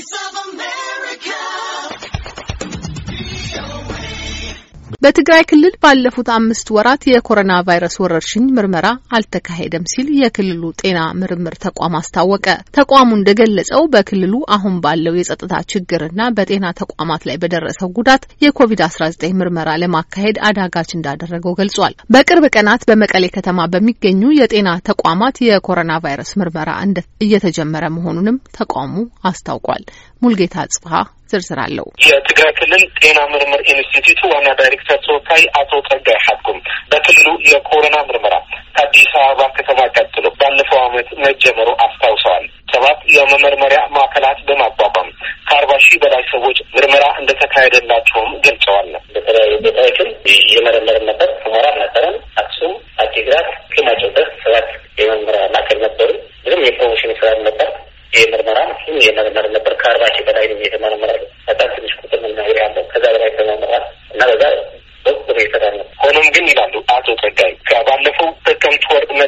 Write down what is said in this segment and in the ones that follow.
voice of በትግራይ ክልል ባለፉት አምስት ወራት የኮሮና ቫይረስ ወረርሽኝ ምርመራ አልተካሄደም ሲል የክልሉ ጤና ምርምር ተቋም አስታወቀ። ተቋሙ እንደገለጸው በክልሉ አሁን ባለው የጸጥታ ችግርና በጤና ተቋማት ላይ በደረሰው ጉዳት የኮቪድ-19 ምርመራ ለማካሄድ አዳጋች እንዳደረገው ገልጿል። በቅርብ ቀናት በመቀሌ ከተማ በሚገኙ የጤና ተቋማት የኮሮና ቫይረስ ምርመራ እየተጀመረ መሆኑንም ተቋሙ አስታውቋል። ሙልጌታ ጽፋ ዝርዝር አለው። የትግራይ ክልል ጤና ምርምር ኢንስቲትዩት ዋና ዳይሬክተር ተወካይ አቶ ጸጋይ ሐኩም በክልሉ የኮሮና ምርመራ ከአዲስ አበባ ከተማ ቀጥሎ ባለፈው ዓመት መጀመሩ አስታውሰዋል። ሰባት የመመርመሪያ ማዕከላት በማቋቋም ከአርባ ሺህ በላይ ሰዎች ምርመራ እንደተካሄደላቸውም ገልጸዋል። በተለያዩ ቦታዎችም የመረመርን ነበር ሁመራ ነበረን፣ አክሱም፣ አዲግራት፣ ፊናጮበት ሰባት የመመርመሪያ ማዕከል ነበሩ። ብዙም የፕሮሞሽን ስራ ነበር የምርመራ የመረመር ነበር ከአርባ ሺህ በላይ የተመረመራሉ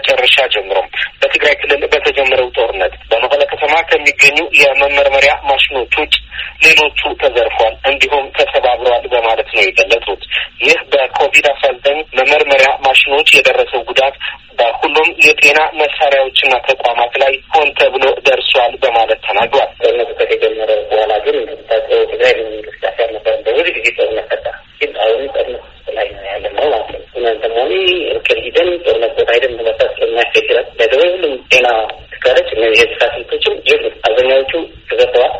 መጨረሻ ጀምሮም በትግራይ ክልል በተጀመረው ጦርነት በመቀለ ከተማ ከሚገኙ የመመርመሪያ ማሽኖች ሌሎቹ ተዘርፏል፣ እንዲሁም ተሰባብረዋል በማለት ነው የገለጹት። ይህ በኮቪድ አስራ ዘጠኝ መመርመሪያ ማሽኖች የደረሰው ጉዳት በሁሉም የጤና መሳሪያዎችና ተቋማት ላይ ሆን ተብሎ ደርሷል በማለት ተናግሯል። ሊያስከትል በተለይ ሁሉም ጤና እነዚህ የስራ ስልቶችም አብዛኛዎቹ ተዘግተዋል።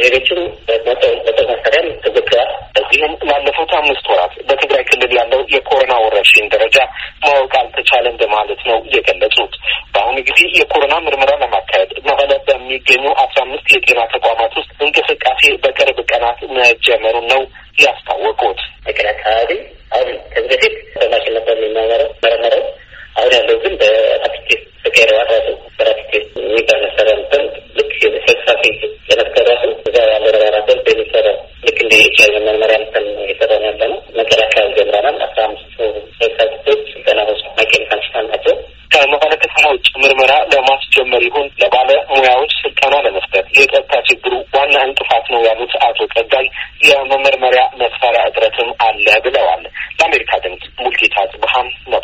ሌሎችም በጦር ተዘግተዋል። እዚህም ላለፉት አምስት ወራት በትግራይ ክልል ያለው የኮሮና ወረርሽኝ ደረጃ ማወቅ አልተቻለም በማለት ነው የገለጹት። በአሁኑ ጊዜ የኮሮና ምርመራ ለማካሄድ መቀለ በሚገኙ አስራ አምስት የጤና ተቋማት ውስጥ እንቅስቃሴ በቅርብ ቀናት መጀመሩን ነው ያስታወቁት። ግን በአራት ኬስ ተቀይረ አራት አራት ኬስ ሚባል መሳሪያ ነበር። ልክ ሰሳፊ የነበረ ስም እዛ ያለ ረራራበር በሚሰራ ልክ እንደ ኤችአይቪ መመሪያ ነበር የሰራን ያለ ነው። መከላከያ ጀምረናል። አስራ አምስቱ ሳቶች ስልጠና ወስዱ መቄኒካል ሽፋን ናቸው። ከመቀለ ከተማ ውጭ ምርመራ ለማስጀመር ይሁን ለባለ ሙያዎች ስልጠና ለመስጠት የጸጥታ ችግሩ ዋና እንቅፋት ነው ያሉት አቶ ጸጋይ የመመርመሪያ መሳሪያ እጥረትም አለ ብለዋል። ለአሜሪካ ድምጽ ሙልጌታ ጽብሃም ነው።